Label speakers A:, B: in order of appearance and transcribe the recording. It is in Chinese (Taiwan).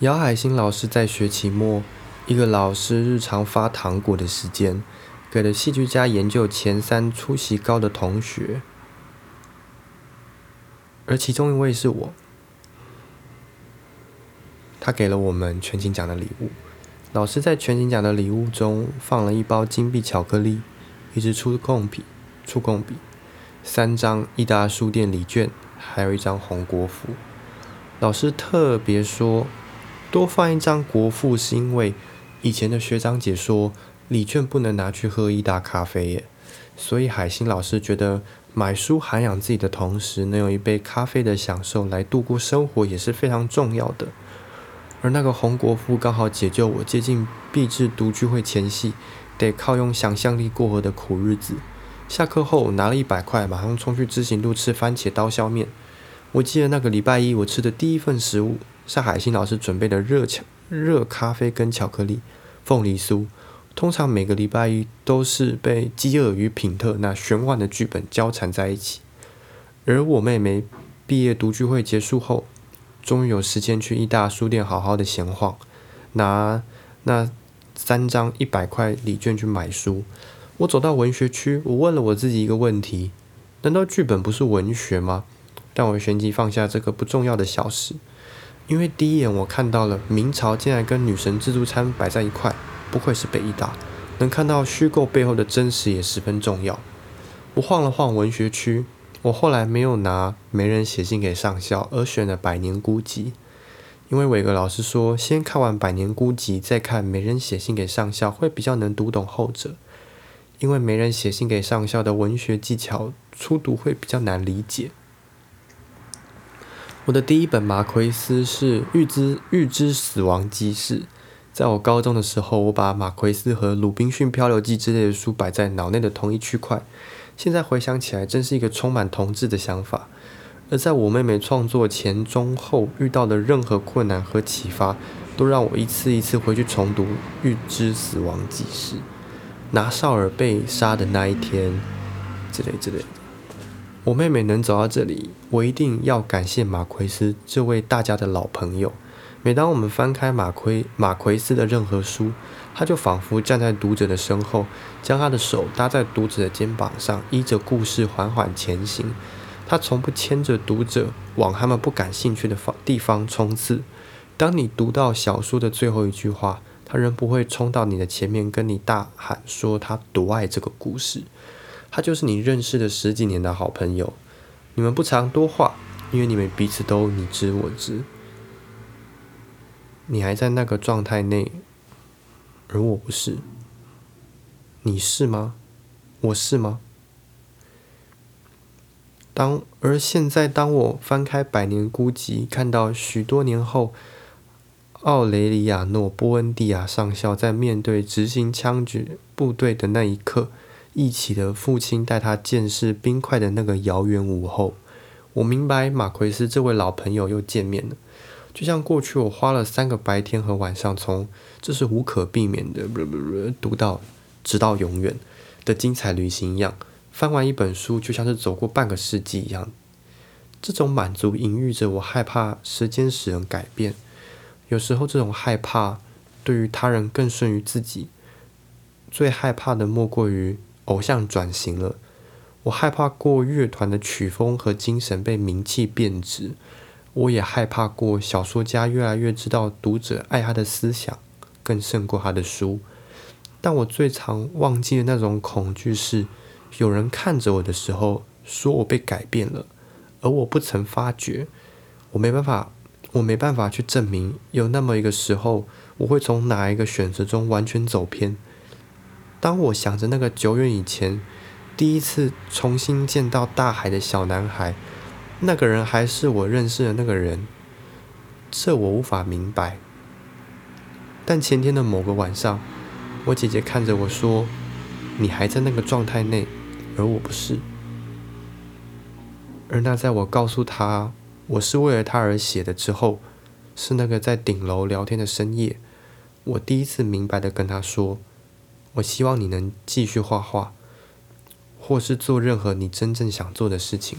A: 姚海星老師在學期末，一個老師日常發糖果的時間，給了戲劇家研究前三出席高的同學，而其中一位是我。他給了我們全勤獎的禮物，老師在全勤獎的禮物中放了一包金幣巧克力，一支觸控筆，觸控筆，三張益達書店禮券，還有一張紅國服。老師特別說。多放一張國父，是因為以前的學長姐說禮券不能拿去喝一打咖啡耶，所以海星老師覺得買書涵養自己的同時，能有一杯咖啡的享受來度過生活也是非常重要的。而那個紅國父剛好解救我接近幣制讀聚會前夕，得靠用想象力過河的苦日子。下課後我拿了一百塊，馬上衝去知行路吃番茄刀削麵。我記得那個禮拜一我吃的第一份食物。上海新老師準備的熱巧、熱咖啡跟巧克力、鳳梨酥，通常每個禮拜一都是被《飢餓與品特》那玄幻的劇本交纏在一起。而我妹妹畢業讀劇會結束後，終於有時間去一大書店好好的閒晃，拿那三張一百塊禮券去買書。我走到文學區，我問了我自己一個問題：難道劇本不是文學嗎？但我旋即放下這個不重要的小事。因為第一眼我看到了明朝竟然跟女神自助餐擺在一塊，不愧是北醫大，能看到虛構背後的真實也十分重要。我晃了晃文學區，我後來沒有拿《沒人寫信給上校》而選了《百年孤寂》，因為偉哥老師說先看完《百年孤寂》再看《沒人寫信給上校》會比較能讀懂後者，因為《沒人寫信給上校》的文學技巧初讀會比較難理解。我的第一本馬奎斯是《預知預知死亡記事》。在我高中的時候，我把馬奎斯和《魯濱遜漂流記》之類的書擺在腦內的同一區塊。現在回想起來，真是一個充滿童稚的想法。而在我妹妹創作前、中、後遇到的任何困難和啟發，都讓我一次一次回去重讀《預知死亡記事》，拿少爾被殺的那一天之類之類。我妹妹能走到這裡，我一定要感謝馬奎斯這位大家的老朋友。每當我們翻開馬奎馬奎斯的任何書，他就仿佛站在讀者的身後，將他的手搭在讀者的肩膀上，依着故事緩緩前行。他從不牽着讀者往他們不感興趣的方地方衝刺。當你讀到小說的最後一句話，他仍不會衝到你的前面，跟你大喊說他獨愛這個故事。他就是你認識的十幾年的好朋友，你們不常多話，因為你們彼此都你知我知。你還在那個狀態內，而我不是。你是嗎？我是嗎？當而現在，當我翻開《百年孤寂》，看到許多年後，奧雷里亞諾·波恩蒂亞上校在面對執行槍決部隊的那一刻。一起的父親帶他見識冰塊的那個遙遠午後，我明白馬奎斯這位老朋友又見面了，就像過去我花了三個白天和晚上從這是無可避免的不不不讀到直到永遠的精彩旅行一樣，翻完一本書就像是走過半個世紀一樣，這種滿足隱喻着我害怕時間使人改變，有時候這種害怕對於他人更甚於自己，最害怕的莫過於。偶像轉型了，我害怕過樂團的曲風和精神被名氣變質，我也害怕過小說家越來越知道讀者愛他的思想更勝過他的書，但我最常忘記的那種恐懼是有人看着我的時候說我被改變了，而我不曾發覺，我沒辦法，我沒辦法去證明有那麼一個時候我會從哪一個選擇中完全走偏。當我想着那個久遠以前第一次重新見到大海的小男孩，那個人還是我認識的那個人，這我無法明白。但前天的某個晚上，我姐姐看着我說：“你還在那個狀態內，而我不是。”而那在我告訴她我是為了她而寫的之後，是那個在頂樓聊天的深夜，我第一次明白的跟她說。我希望你能繼續畫畫，或是做任何你真正想做的事情。